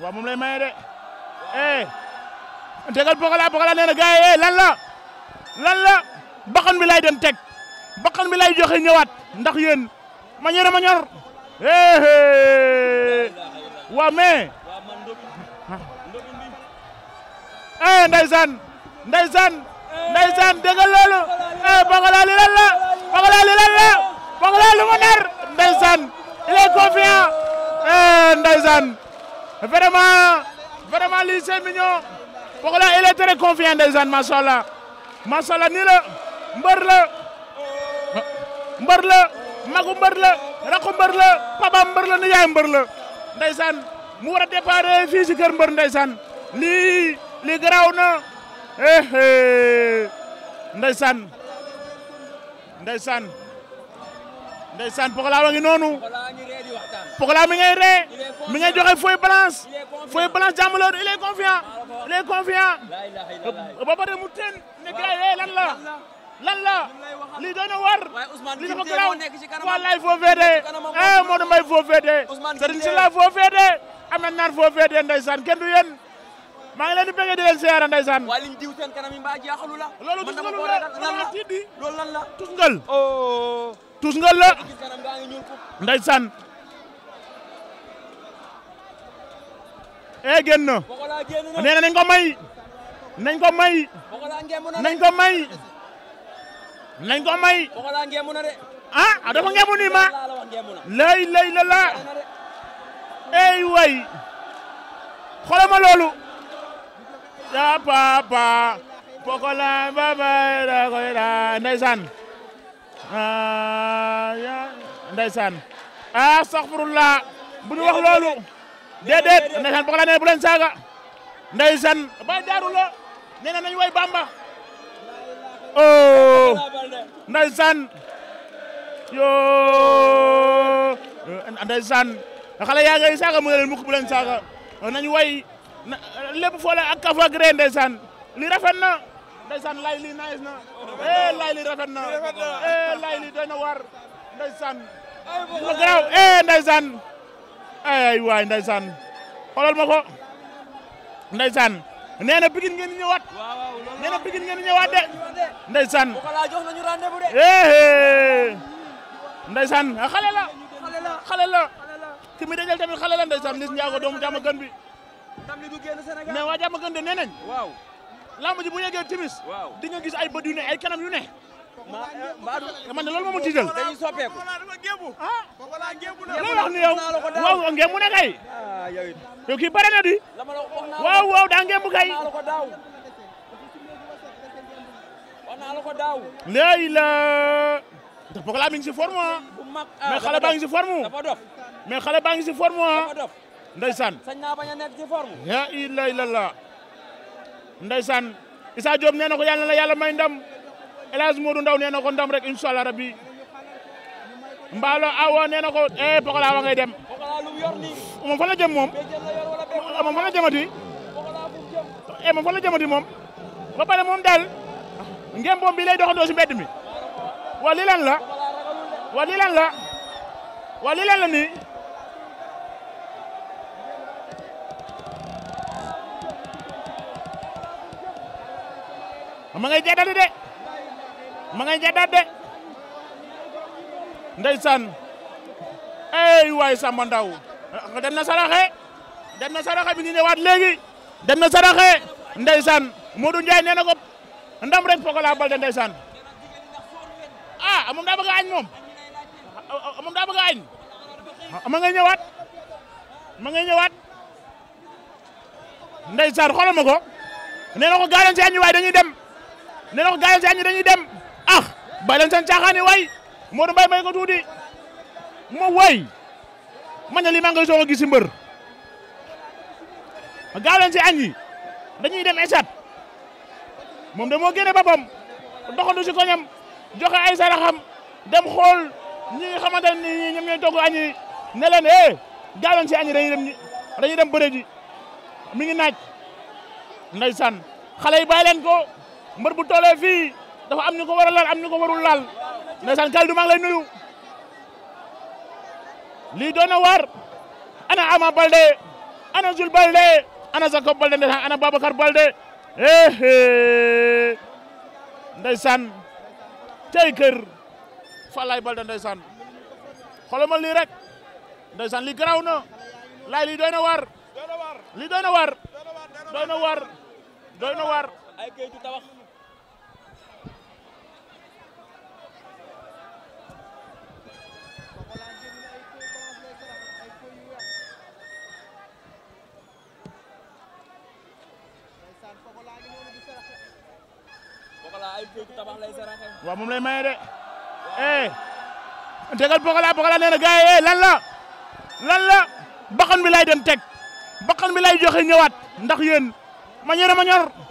waaw moom lay maye de eh tegal Pokola Pokola nee na gars yi eh, la lan bakkan bi lay dem teg bakkan bi lay joxe ñëwaat ndax yéen ma ñor ma ñor eh, eh. waaw mais eh ndeysaan ndeysaan ndeysaan déggal loolu eh Pokola li lan la Pokola li lan la ndeysaan il est confiant eh ndeysaan vraiment vraiment lii c'est mignon Pokola il est très confiant ndeysaan macha allah macha allah nii la magu mbër la rakku mbër la papa mbër la nijaay mbër la ndeysaan si kër mbër ndeysaan lii lii garaaw na eh eh ndeysaan ndeysaan ndeysaan Pokola wa ngi noonu Pokola mi ngay ree mi ngay joxe fooy balance fooy balance jàmm loolu il est confiant il est confiant ba pare mu teen ne gars yi lan lii doon na war lii dafa garaaw wallaay foo feedee eh Modou Mbaye foo feedee Serigne Sylla foo feedee Ameth Nar foo maa ngi leen di bëggee di leen siyaara ndeysaan waaye liñ diw seen la loolu tusngalu la loolu tiit di loolu tus nga la ndeysaan ee eh, génn nee nañ ko may nañ ko may nañ ko may ko may ah a ah, dafa ngeemu nii ma lay lay la ey way xoolama loolu ya papa pokola baba da koy da ndeysaan ndeysaan astaghfirullah bu ñu wax loolu déedéet ndeysaan boo ko nee bu leen saaga ndeysaan bay daaru la nee na nañu way bamba oh ndeysaan yoo ndeysaan xale yaa ngay saaga mu ne mukk bu leen saaga nañu way lépp a ak kafa ak ree ndeysaan li rafet na ndeysaan lay li na eh lay rafet na eh lay doy na war ndeysaan la garaaw eh ndeysaan ay ay waay ndeysaan xoolal ma ko ndeysaan nee na bigin ngeen ñëwaat nee na bigin ngeen ñëwaat de ndeysaan jox nañu rendez-vous de eh, eh. ndeysaan ah, xale la xale la ki mi dajal la ndeysaan lis njaago doomu jàmm gën bi mais waa jàmm gën de nee waaw lamb ji bu yeggee timis di nga gis ay bët yu ne ay kanam yu ne eh, man de loolu moo ma tiital dañuy soppeeku ah loolu wax ni ne kay ah, yow kii bare na di waaw waaw daa kay léegi la ndax si forme ah. ah, mais xale baa ngi si forme mais xale ngi si forme ndeysaan sañ naa bañ ndeysaan Issa Diop nee na ko yàlla na la yàlla may ndam El Hadj Modou Ndaw nee na ko ndam rek incha allah rabbi Mbaalo Awa nee na ko eh Pokola wa ngay dem moom fan la jëm moom ah, moom fan la jëmati eh moom fan la jëmati moom ba pare moom daal ngeen boom bi lay doxandoo si mbedd mi waa la wa lii la waa lii la nii. ma ngay jaddali de ma ngay jaddat de ndeysaan ey waay Samba Ndaw dem na saraxe den na saraxe bi ngi ñëwaat léegi den na saraxe ndeysaan Modou Ndiaye nee na ko ndam rek Pokola Baldé ndeysaan ah moom daa bëgg a moom moom daa bëgg a añ ma ngay ñëwaat ma ngay ñëwaat ndeysaan xoolal na ko si añ waaye dañuy dem ne dox gars yi seen dañuy dem ah bàyyi leen seen caaxaan yi waay Modou Mbaye may ko tuuti ma waay man li maa ngi koy soog si mbër gaaw leen si añ yi dañuy dem esat moom de moo génne boppam doxandu si koñam joxe ay saraxam dem xool ñi nga xamante ne nii ñoom ñooy togg añ yi ne si eh, añ yi dañuy dem dañuy mi ngi naaj ndeysaan xale yi bàyyi leen ko. mbër bu toolee fii dafa am ñu ko war a am ñu ko warul laal ndeysaan Kalidou maa ngi lay nuyu lii doon na waar ana Ama Balde ana Jules Balde ana Jacob Balde ndeysaan ana Babacar Balde éé ndeysaan tey kër Falaye Balde ndeysaan xoolal ma lii rek ndeysaan lii garaaw na laay lii doy na waar lii doy na waar doy na waar doy na waar ay kayitu tabax waaw moom lay maye de a eh, tegal Pokola Pokola nee na gars yi eh lan la lan bakkan bi lay dem teg bakkan bi lay joxe ñëwaat ndax yéen ma ñor ma ñor.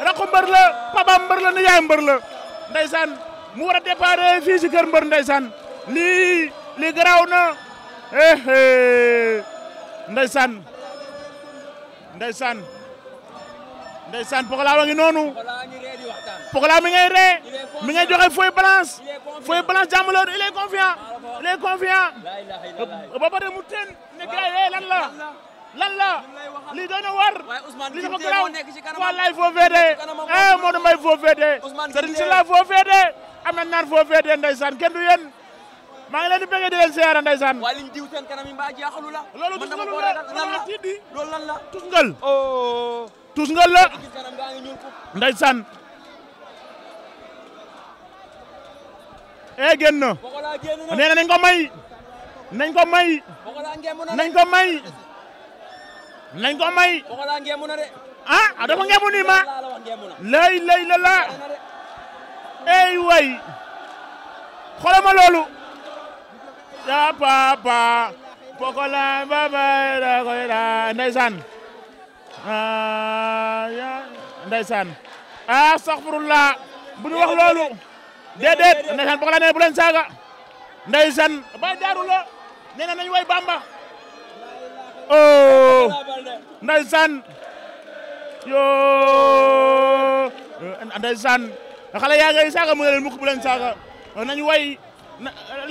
rakku mbër la papaam mbër la ni yaay mbër la mu war a déparé fii si kër mbër ndeysaan lii lii garaaw na eh, eh. ndeysaan ndeysaan ndeysaan Pokola wa ngi noonu Pokola mi ngay ree mi ngay joxe fooy balance fooy balance jàmm la il est confiant il est confiant ba pare mu teen ne gars yi eh, lan la. lan la lii doy na war lii dafa garaaw wallaay foo fee dee eh Modou Mbaye foo fee dee Serigne Sylla foo fee dee Ameth kenn du yéen maa ngi leen di bëggee di leen siyaara ndeysaan waaye liñ diw loolu tusngalu la loolu tiit di loolu lan oh. eh, nañ ko may nañ ko may nañ ko may nañ ko may. Ah, ah dafa ma. lay lay la la. ey way xoolal ma loolu. ja papa. Pokola babay da koy da ndeysaan. ah ya ndeysaan. ah astaghfirullah bu ñu wax loolu. déedéet ndeysaan Pokola nee bu leen saaga. ndeysaan bay daaru la nee na nañ way Bamba. oh ndeysaan yoo san eh, xale yaa ngay saaga mu ne leen mukk bu leen saaga eh, nañu way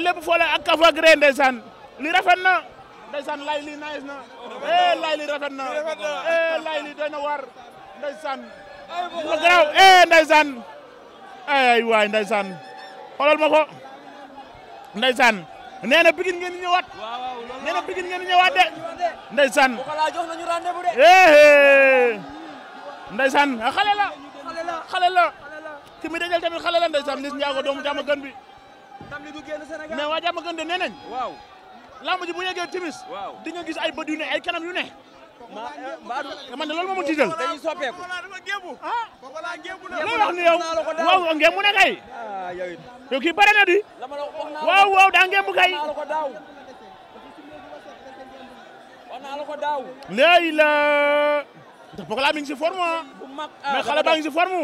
lépp foole ak kafo ak ree ndeysaan li rafet na ndeysaan lay li nice na eh lay li rafet na eh lay li doy na war ndeysaan bu ko garaaw eh ndeysaan ay waay ndeysaan xoolal ma ko ndeysaan nee na Pikine ngeen di ñëwaat. waaw waaw loolu nee na Pikine ngeen di ñëwaat de. ndeysaan bu ko laa jox nañu rendez-vous de. ndeysaan la. Ah, xale la xale la. tamit xale la ndeysaan Liss Ndiago doomu jàmm gën bi. tam li du génn Sénégal mais waa jàmm gën de nee nañ. waaw lamb ji bu yeggee timis. waaw di nga gis ay bët yu ne ay kanam yu ne. ma Mbadou eh, man de loolu moom mu tiital. dañuy soppeeku. ah. loolu wax ni yow waaw ngeen mu ne kay. yow kii bare na di. waaw waaw daa bu kay. léegi la. te Pokola mi ngi si forme ah. ah mais xale baa ngi si forme.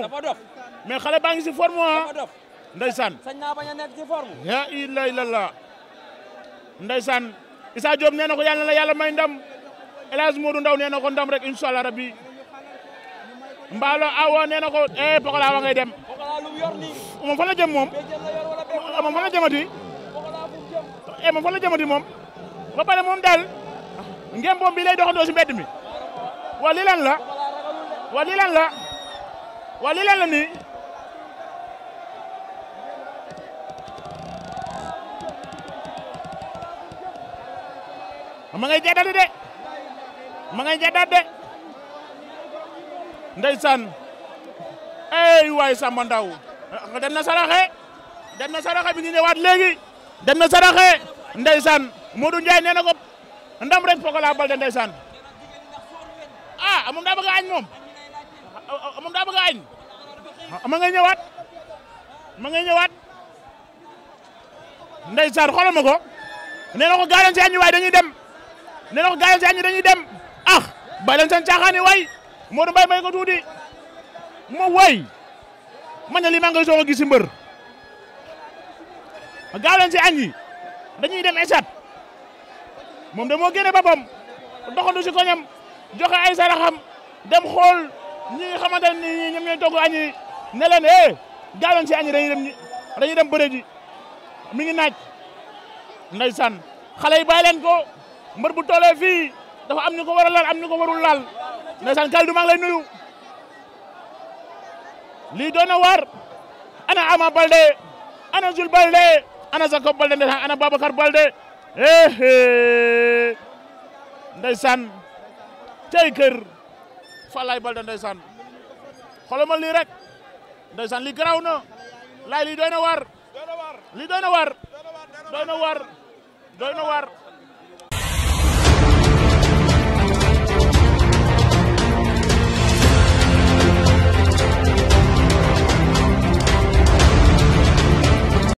mais xale baa ngi na ko yàlla na yàlla may ndam El Hadj Modou Ndaw nee ko ndam rek incha allah rabbi Mballo Awa nee na ko eh Pokola wa ngay dem. moom fan la jëm moom ah, moom fan jëmati e moom fan jëmati moom ba pare moom daal ngem boom bi lay doxandoo si mbedd mi la waa lii lan la waa lii ma ngay jaddaat de ma ngay jaddaat de ndeysaan ey waay Samba Ndaw dem na saraxe dem na saraxe mi ngi ñëwaat léegi dem na saraxe ndeysaan Modou Ndiaye nee na ko ndam rek Pokola Balde ah, daa bëgg a añ moom moom daa bëgg añ ma nga ñëwaat ma nga ñëwaat ndeysaan xoolal ma ko nee na ko gaaleen si waay dañuy dem nee na ko gaaleen si añi dañuy dem ah bàyyi leen seen caaxaan yi waay Modou Mbaye may ko tuuti mo waay ma ne li maa ngi soog si mbër gaaw leen si añ yi dañuy dem esat moom de moo génne boppam doxandu si koñam joxe ay saraxam dem xool ñi nga xamante ne nii ñoom ñooy togg añ yi ne leen eh si añ yi dañuy dem dañuy dem bëre ji mi ngi naaj ndeysaan xale yi bàyyi leen ko mbër bu toolee fii dafa am ñu ko war a am ñu ko warul laal ndeysaan Kalidou lay nuyu. lii doon na waar ana Ama Balde ana Jules Balde ana Jacob Balde ndeysaan ana Babacar Balde ehe ndeysaan tey kër Falaye Balde ndeysaan xoolal ma lii rek ndeysaan lii garaaw na laay lii doy na waar lii doy na waar doy na waar doy na waar